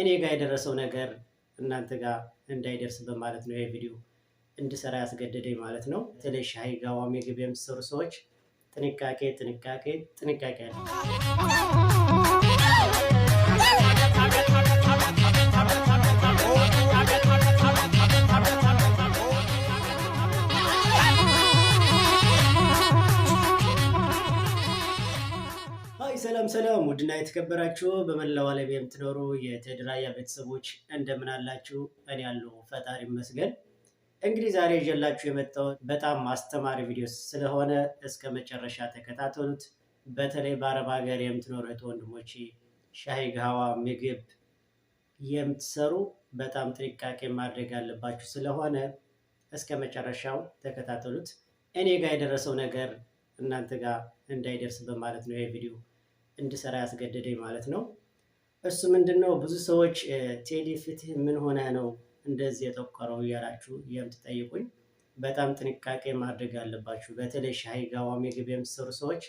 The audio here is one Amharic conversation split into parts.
እኔ ጋር የደረሰው ነገር እናንተ ጋር እንዳይደርስ በማለት ነው ይህ እንድሰራ ያስገደደኝ ማለት ነው። በተለይ ሻይ ጋር ዋሜ የምትሰሩ ሰዎች ጥንቃቄ ጥንቃቄ ጥንቃቄ አለ። ሰላም ውድና የተከበራችሁ በመላው ዓለም የምትኖሩ የተድራያ ቤተሰቦች እንደምን አላችሁ? እኔ ያለው ፈጣሪ ይመስገን። እንግዲህ ዛሬ ይዤላችሁ የመጣው በጣም አስተማሪ ቪዲዮ ስለሆነ እስከ መጨረሻ ተከታተሉት። በተለይ በአረብ ሀገር የምትኖሩ እህት ወንድሞች፣ ሻሂ ምግብ የምትሰሩ በጣም ጥንቃቄ ማድረግ አለባችሁ። ስለሆነ እስከ መጨረሻው ተከታተሉት። እኔ ጋር የደረሰው ነገር እናንተ ጋር እንዳይደርስ በማለት ነው ይሄ ቪዲዮ እንድሰራ ያስገደደኝ ማለት ነው። እሱ ምንድን ነው ብዙ ሰዎች ቴዲ ፍትህ ምን ሆነ ነው እንደዚህ የጠቆረው እያላችሁ የምትጠይቁኝ፣ በጣም ጥንቃቄ ማድረግ አለባችሁ። በተለይ ሻይ ጋዋ ምግብ የምትሰሩ ሰዎች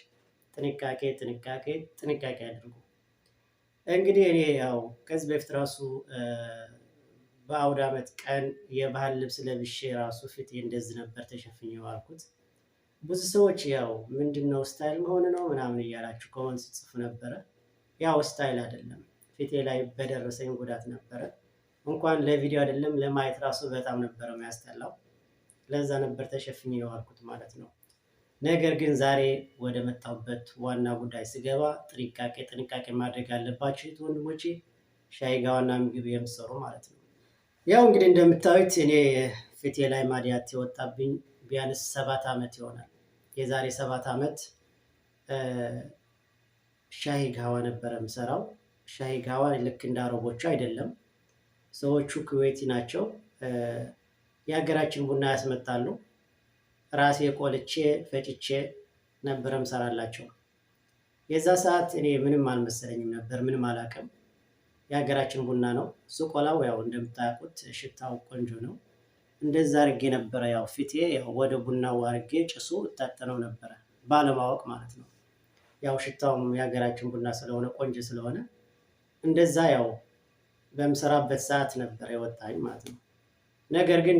ጥንቃቄ ጥንቃቄ ጥንቃቄ አድርጉ። እንግዲህ እኔ ያው ከዚህ በፊት ራሱ በአውድ ዓመት ቀን የባህል ልብስ ለብሼ ራሱ ፊቴ እንደዚህ ነበር ተሸፍኝ ዋልኩት። ብዙ ሰዎች ያው ምንድነው ስታይል መሆን ነው ምናምን እያላችሁ ኮመንት ስጽፉ ነበረ። ያው ስታይል አይደለም፣ ፊቴ ላይ በደረሰኝ ጉዳት ነበረ። እንኳን ለቪዲዮ አይደለም ለማየት ራሱ በጣም ነበረ የሚያስጠላው። ለዛ ነበር ተሸፍኝ የዋልኩት ማለት ነው። ነገር ግን ዛሬ ወደ መጣሁበት ዋና ጉዳይ ስገባ ጥንቃቄ ጥንቃቄ ማድረግ ያለባችሁ ወንድሞቼ፣ ሻይ ጋ ዋና ምግብ የምሰሩ ማለት ነው። ያው እንግዲህ እንደምታዩት እኔ ፊቴ ላይ ማዲያት የወጣብኝ ቢያንስ ሰባት ዓመት ይሆናል። የዛሬ ሰባት ዓመት ሻሂ ጋዋ ነበረ የምሰራው። ሻሂ ጋዋ ልክ እንደ አረቦቹ አይደለም። ሰዎቹ ኩዌቲ ናቸው። የሀገራችን ቡና ያስመጣሉ። ራሴ ቆልቼ ፈጭቼ ነበረ ምሰራላቸው። የዛ ሰዓት እኔ ምንም አልመሰለኝም ነበር፣ ምንም አላውቅም። የሀገራችን ቡና ነው። ስቆላው ያው እንደምታውቁት ሽታው ቆንጆ ነው። እንደዛ አርጌ ነበረ። ያው ፊቴ ወደ ቡናው አርጌ ጭሱ እታጠነው ነበረ፣ ባለማወቅ ማለት ነው። ያው ሽታውም የሀገራችን ቡና ስለሆነ ቆንጆ ስለሆነ እንደዛ ያው በምሰራበት ሰዓት ነበረ የወጣኝ ማለት ነው። ነገር ግን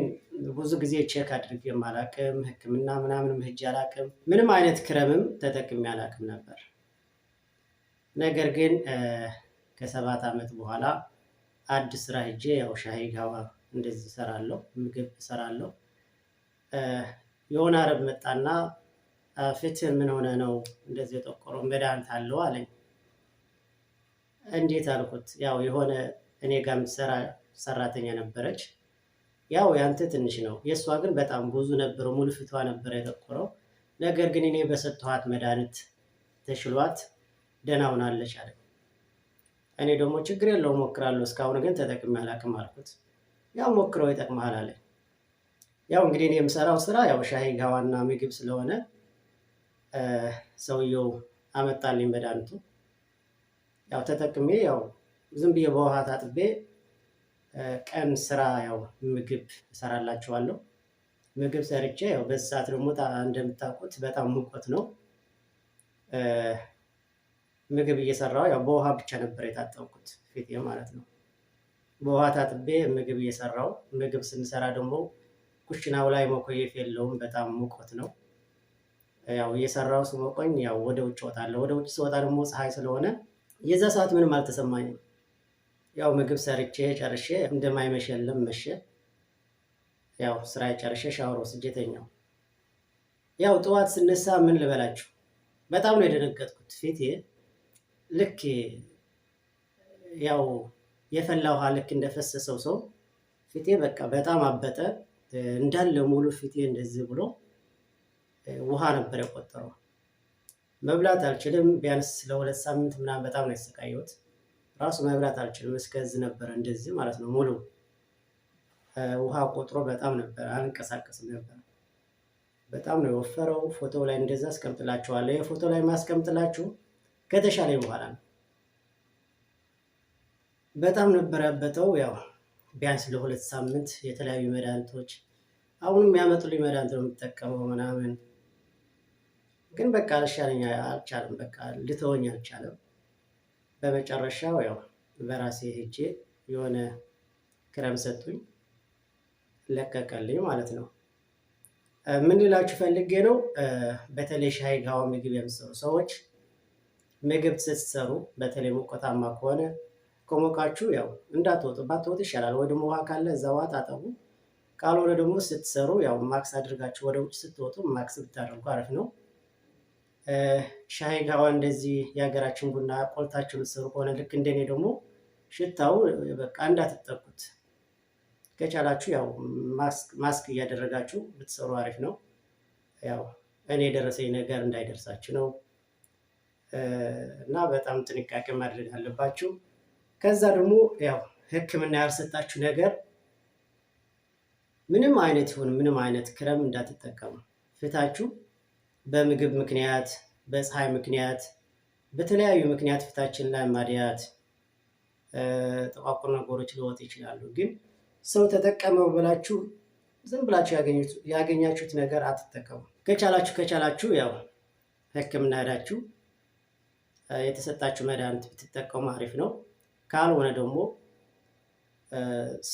ብዙ ጊዜ ቼክ አድርጌም አላቅም፣ ሕክምና ምናምንም ሂጅ አላቅም፣ ምንም አይነት ክረምም ተጠቅሜ አላቅም ነበር። ነገር ግን ከሰባት ዓመት በኋላ አዲስ ስራ ሂጄ ያው ሻሂ ጋባ እንደዚህ እሰራለሁ፣ ምግብ እሰራለሁ። የሆነ አረብ መጣና ፍትህ ምን ሆነ ነው እንደዚህ የጠቆረው? መድኃኒት አለው አለኝ። እንዴት አልኩት። ያው የሆነ እኔ ጋር የምትሰራ ሰራተኛ ነበረች። ያው ያንተ ትንሽ ነው፣ የእሷ ግን በጣም ብዙ ነበረው። ሙሉ ፊቷ ነበረ የጠቆረው። ነገር ግን እኔ በሰጠኋት መድኃኒት ተሽሏት ደህና ሆናለች አለኝ። እኔ ደግሞ ችግር የለው ሞክራለሁ፣ እስካሁን ግን ተጠቅሜ አላውቅም አልኩት። ያው ሞክረው ይጠቅመሃል አለ። ያው እንግዲህ እኔ የምሰራው ስራ ያው ሻይ ጋዋና ምግብ ስለሆነ ሰውየው አመጣልኝ መድኃኒቱ። ያው ተጠቅሜ ያው ዝም ብዬ በውሃ ታጥቤ ቀን ስራ ያው ምግብ እሰራላችኋለሁ። ምግብ ሰርቼ ያው በዚህ ሰዓት ደግሞ እንደምታውቁት በጣም ሙቀት ነው። ምግብ እየሰራው ያው በውሃ ብቻ ነበር የታጠብኩት ፊቴ ማለት ነው። በውሃ ታጥቤ ምግብ እየሰራው ምግብ ስንሰራ ደግሞ ኩሽናው ላይ መኮየፍ የለውም። በጣም ሙቆት ነው። ያው እየሰራው ስሞቆኝ ያው ወደ ውጭ ወጣለሁ። ወደ ውጭ ስወጣ ደግሞ ፀሐይ ስለሆነ የዛ ሰዓት ምንም አልተሰማኝም። ያው ምግብ ሰርቼ ጨርሼ እንደማይመሸልም መሸ። ያው ስራ ጨርሼ ሻወር ወስጄ ተኛው። ያው ጠዋት ስነሳ ምን ልበላችሁ በጣም ነው የደነገጥኩት። ፊቴ ልክ ያው የፈላ ውሃ ልክ እንደፈሰሰው ሰው ፊቴ በቃ በጣም አበጠ። እንዳለ ሙሉ ፊቴ እንደዚህ ብሎ ውሃ ነበር የቆጠረው። መብላት አልችልም። ቢያንስ ለሁለት ሳምንት ምናምን በጣም ነው ያሰቃየሁት። ራሱ መብላት አልችልም። እስከዚህ ነበረ እንደዚህ ማለት ነው። ሙሉ ውሃ ቆጥሮ በጣም ነበር። አልንቀሳቀስም ነበር። በጣም ነው የወፈረው። ፎቶ ላይ እንደዛ አስቀምጥላችኋለሁ። የፎቶ ላይ ማስቀምጥላችሁ ከተሻለኝ በኋላ ነው። በጣም ነበር ያበጠው። ያው ቢያንስ ለሁለት ሳምንት የተለያዩ መድኃኒቶች አሁንም የሚያመጡልኝ መድኃኒት ነው የምጠቀመው ምናምን፣ ግን በቃ ልሻለኛ አልቻለም። በቃ ልተወኝ አልቻለም። በመጨረሻው ያው በራሴ ሄጄ የሆነ ክረም ሰጡኝ፣ ለቀቀልኝ ማለት ነው። ምን ልላችሁ ፈልጌ ነው፣ በተለይ ሻይ ጋዋ ምግብ የምትሰሩ ሰዎች ምግብ ስትሰሩ፣ በተለይ ሞቆታማ ከሆነ ከሞቃችሁ ያው እንዳትወጡ ባትወጡ ይሻላል። ወይ ደግሞ ውሃ ካለ እዛ ውሃ ታጠቡ። ካልሆነ ደግሞ ስትሰሩ ያው ማክስ አድርጋችሁ ወደ ውጭ ስትወጡ ማክስ ብታደርጉ አሪፍ ነው። ሻይ ጋዋ እንደዚህ የሀገራችን ቡና ቆልታችሁ ምትሰሩ ከሆነ ልክ እንደኔ ደግሞ ሽታው በቃ እንዳትጠቁት። ከቻላችሁ ያው ማስክ እያደረጋችሁ ብትሰሩ አሪፍ ነው። ያው እኔ የደረሰኝ ነገር እንዳይደርሳችሁ ነው እና በጣም ጥንቃቄ ማድረግ አለባችሁ። ከዛ ደግሞ ያው ህክምና ያልሰጣችሁ ነገር ምንም አይነት ይሁን ምንም አይነት ክረም እንዳትጠቀሙ። ፊታችሁ በምግብ ምክንያት፣ በፀሐይ ምክንያት፣ በተለያዩ ምክንያት ፊታችን ላይ ማድያት፣ ጠቋቁር ነገሮች ሊወጡ ይችላሉ። ግን ሰው ተጠቀመው ብላችሁ ዝም ብላችሁ ያገኛችሁት ነገር አትጠቀሙ። ከቻላችሁ ከቻላችሁ ያው ህክምና ሄዳችሁ የተሰጣችሁ መድኃኒት ብትጠቀሙ አሪፍ ነው። ካልሆነ ደግሞ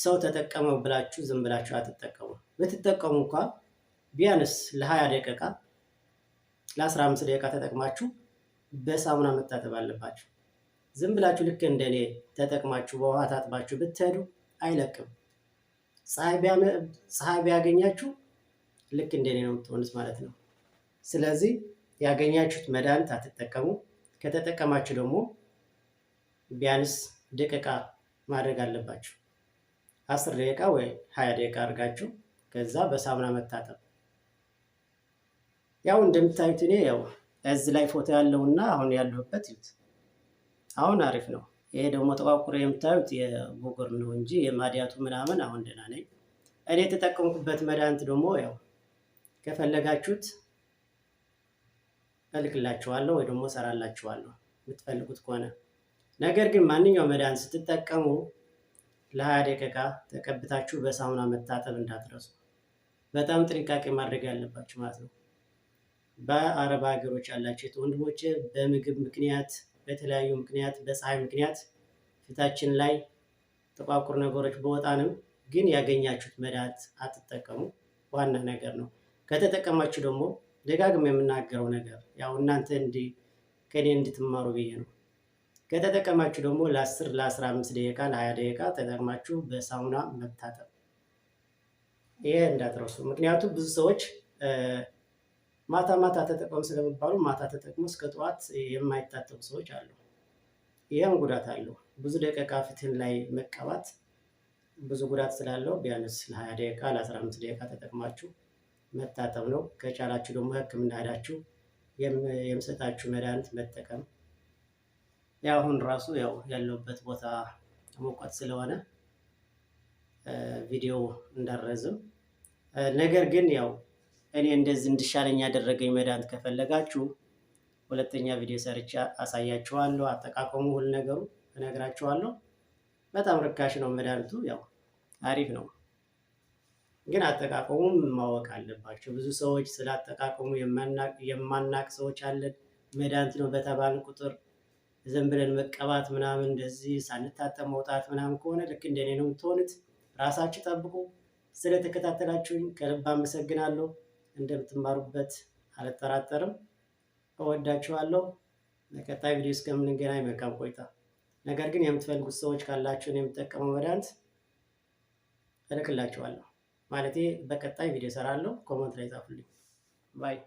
ሰው ተጠቀመው ብላችሁ ዝም ብላችሁ አትጠቀሙ። ብትጠቀሙ እንኳ ቢያንስ ለ ደቂቃ ለ15 ደቂቃ ተጠቅማችሁ በሳሙና መታጠብ አለባችሁ። ዝም ብላችሁ ልክ እንደኔ ተጠቅማችሁ በውሃ ታጥባችሁ ብትሄዱ አይለቅም። ፀሐይ ቢያገኛችሁ ልክ እንደኔ ነው የምትሆኑት ማለት ነው። ስለዚህ ያገኛችሁት መድኃኒት አትጠቀሙ። ከተጠቀማችሁ ደግሞ ቢያንስ ደቂቃ ማድረግ አለባችሁ። አስር ደቂቃ ወይ ሀያ ደቂቃ አድርጋችሁ ከዛ በሳሙና መታጠብ። ያው እንደምታዩት እኔ ያው እዚህ ላይ ፎቶ ያለውና አሁን ያለሁበት ይዩት። አሁን አሪፍ ነው። ይሄ ደግሞ ጠቋቁር የምታዩት የቡጉር ነው እንጂ የማዲያቱ ምናምን አሁን ደህና ነኝ። እኔ የተጠቀምኩበት መድኃኒት ደግሞ ያው ከፈለጋችሁት እልክላችኋለሁ ወይ ደግሞ እሰራላችኋለሁ የምትፈልጉት ከሆነ ነገር ግን ማንኛውም መድኃኒት ስትጠቀሙ ለሀያ ደቂቃ ተቀብታችሁ በሳሙና መታጠብ እንዳትረሱ። በጣም ጥንቃቄ ማድረግ ያለባችሁ ማለት ነው። በአረብ ሀገሮች ያላችሁ ወንድሞች በምግብ ምክንያት፣ በተለያዩ ምክንያት፣ በፀሐይ ምክንያት ፊታችን ላይ ጥቋቁር ነገሮች በወጣንም ግን ያገኛችሁት መድኃኒት አትጠቀሙ። ዋና ነገር ነው። ከተጠቀማችሁ ደግሞ ደጋግም የምናገረው ነገር ያው እናንተ እንዲ ከኔ እንድትማሩ ብዬ ነው። ከተጠቀማችሁ ደግሞ ለ10 ለ15 ደቂቃ ለ20 ደቂቃ ተጠቅማችሁ በሳሙና መታጠብ ይሄ እንዳትረሱ። ምክንያቱም ብዙ ሰዎች ማታ ማታ ተጠቀሙ ስለሚባሉ ማታ ተጠቅሙ እስከ ጠዋት የማይታጠቡ ሰዎች አሉ። ይህም ጉዳት አለው። ብዙ ደቂቃ ፊትን ላይ መቀባት ብዙ ጉዳት ስላለው ቢያንስ ለ20 ደቂቃ ለ15 ደቂቃ ተጠቅማችሁ መታጠብ ነው። ከቻላችሁ ደግሞ ሕክምና ሄዳችሁ የምሰጣችሁ መድኃኒት መጠቀም ያው አሁን ራሱ ያው ያለበት ቦታ ሙቀት ስለሆነ ቪዲዮ እንዳረዝም ነገር ግን ያው እኔ እንደዚህ እንድሻለኝ ያደረገኝ መድኃኒት ከፈለጋችሁ ሁለተኛ ቪዲዮ ሰርቼ አሳያችኋለሁ። አጠቃቀሙ ሁሉ ነገሩ እነግራችኋለሁ። በጣም ርካሽ ነው መድኃኒቱ፣ ያው አሪፍ ነው። ግን አጠቃቀሙም ማወቅ አለባቸው። ብዙ ሰዎች ስለ አጠቃቀሙ የማናቅ ሰዎች አለን። መድኃኒት ነው በተባልን ቁጥር ዝም ብለን መቀባት ምናምን እንደዚህ ሳንታጠብ መውጣት ምናምን ከሆነ ልክ እንደኔ ነው የምትሆኑት። ራሳችሁ ጠብቁ። ስለተከታተላችሁኝ ከልብ አመሰግናለሁ። እንደምትማሩበት አልጠራጠርም። እወዳችኋለሁ። በቀጣይ ቪዲዮ እስከምንገናኝ መልካም ቆይታ። ነገር ግን የምትፈልጉት ሰዎች ካላችሁን የምጠቀመው መድኃኒት እልክላችኋለሁ። ማለቴ በቀጣይ ቪዲዮ እሰራለሁ። ኮመንት ላይ ጻፉልኝ። ባይ